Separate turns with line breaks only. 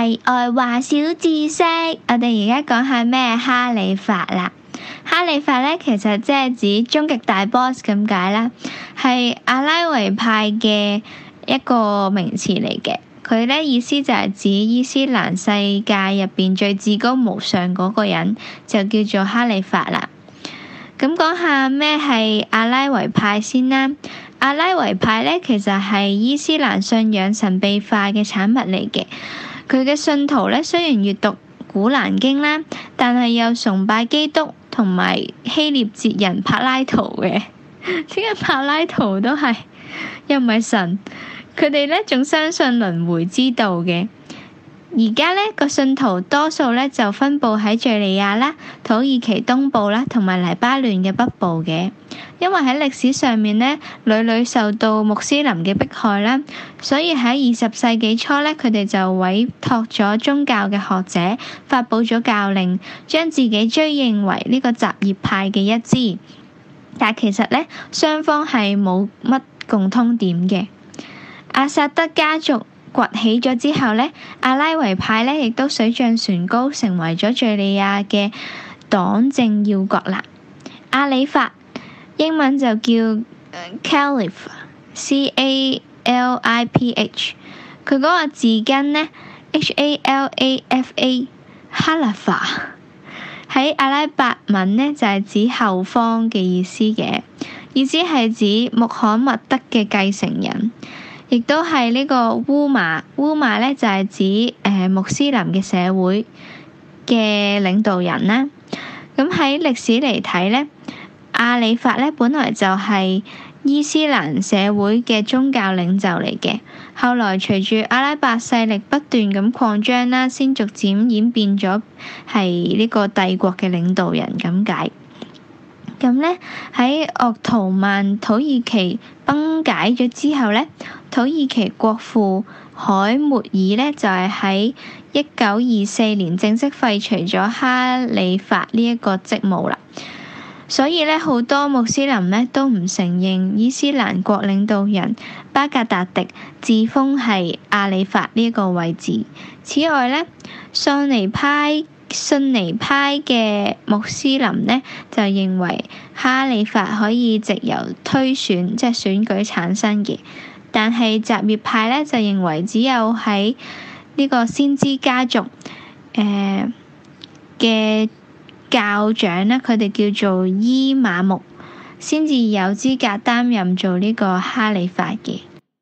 係外話小知識，我哋而家講下咩哈里發啦。哈里發呢，其實即係指終極大 boss 咁解啦，係阿拉維派嘅一個名詞嚟嘅。佢呢，意思就係指伊斯蘭世界入邊最至高無上嗰個人，就叫做哈里發啦。咁、嗯、講下咩係阿拉維派先啦。阿拉維派呢，其實係伊斯蘭信仰神秘化嘅產物嚟嘅。佢嘅信徒咧，雖然閲讀《古蘭經》啦，但係又崇拜基督同埋希臘哲人柏拉圖嘅，點 解柏拉圖都係又唔係神？佢哋咧仲相信輪迴之道嘅。而家呢個信徒多數呢就分佈喺敘利亞啦、土耳其東部啦同埋黎巴嫩嘅北部嘅，因為喺歷史上面呢，屢屢受到穆斯林嘅迫害啦，所以喺二十世紀初呢，佢哋就委託咗宗教嘅學者發佈咗教令，將自己追認為呢個什葉派嘅一支，但其實呢，雙方係冇乜共通點嘅，阿薩德家族，崛起咗之後呢，阿拉維派呢亦都水漲船高，成為咗敍利亞嘅黨政要角啦。哈里發英文就叫 Caliph，C-A-L-I-P-H。佢嗰個字根呢，H-A-L-A-F-A，Halafa，喺阿拉伯文呢，就係指後方嘅意思嘅，意思係指穆罕默德嘅繼承人。亦都係呢個烏瑪，烏瑪呢就係指誒、呃、穆斯林嘅社會嘅領導人啦。咁喺歷史嚟睇呢，哈里發呢本來就係伊斯蘭社會嘅宗教領袖嚟嘅。後來隨住阿拉伯勢力不斷咁擴張啦，先逐漸演變咗係呢個帝國嘅領導人咁解。咁呢，喺鄂圖曼土耳其崩解咗之後呢，土耳其國父凱末爾呢，就係喺一九二四年正式廢除咗哈里發呢一個職務啦。所以呢，好多穆斯林呢都唔承認伊斯蘭國領導人巴格達迪自封係哈里發呢一個位置。此外呢，桑尼派。遜尼派嘅穆斯林呢，就認為哈里發可以藉由推選，即係選舉產生嘅。但係什葉派呢，就認為只有喺呢個先知家族誒嘅、呃、教長呢，佢哋叫做伊瑪目，先至有資格擔任做呢個哈里發嘅。